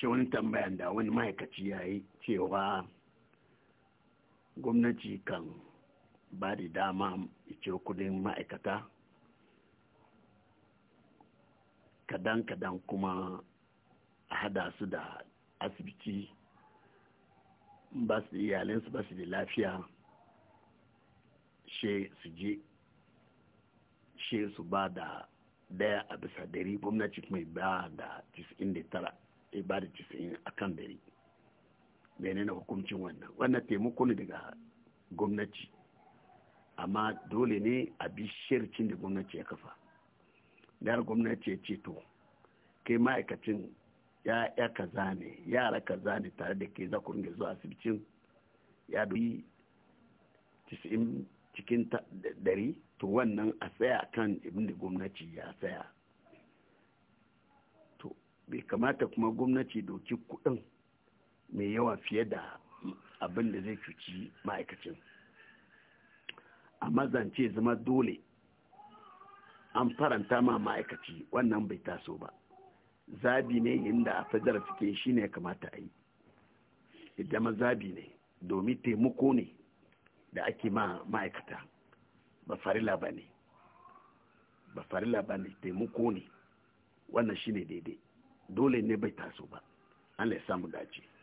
shi wani tambayan da wani ma'aikaci ya yi cewa gwamnati kan ba da dama ice kudin ma'aikata kadan-kadan kuma a hada su da asibiti basu iyalinsu ba da lafiya she su je she su ba da daya a bisa dari gwamnati mai ba da 99 ya ba da a kan dari menene hukuncin wannan wannan taimako ne daga gwamnati amma dole ne a bi shirkin da gwamnati ya kafa da gwamnati ya ce to kai ma'aikacin ya kaza ne yara kaza ne tare da ke za ku zuwa asibitin ya dubi cikin dari to wannan a tsaya kan abin da gwamnati ya tsaya bai kamata kuma gwamnati doki kuɗin mai yawa fiye da abin da zai cuci ma'aikacin amma zance zama dole an faranta ma ma'aikaci wannan bai taso ba zabi ne inda a fadar suke shi ne kamata a yi idan zabi ne domin taimako ne da ake ma ma'aikata ba farila ba ne ba farila ba ne taimako ne wannan shi ne daidai dole ne bai taso ba Allah ya samu dace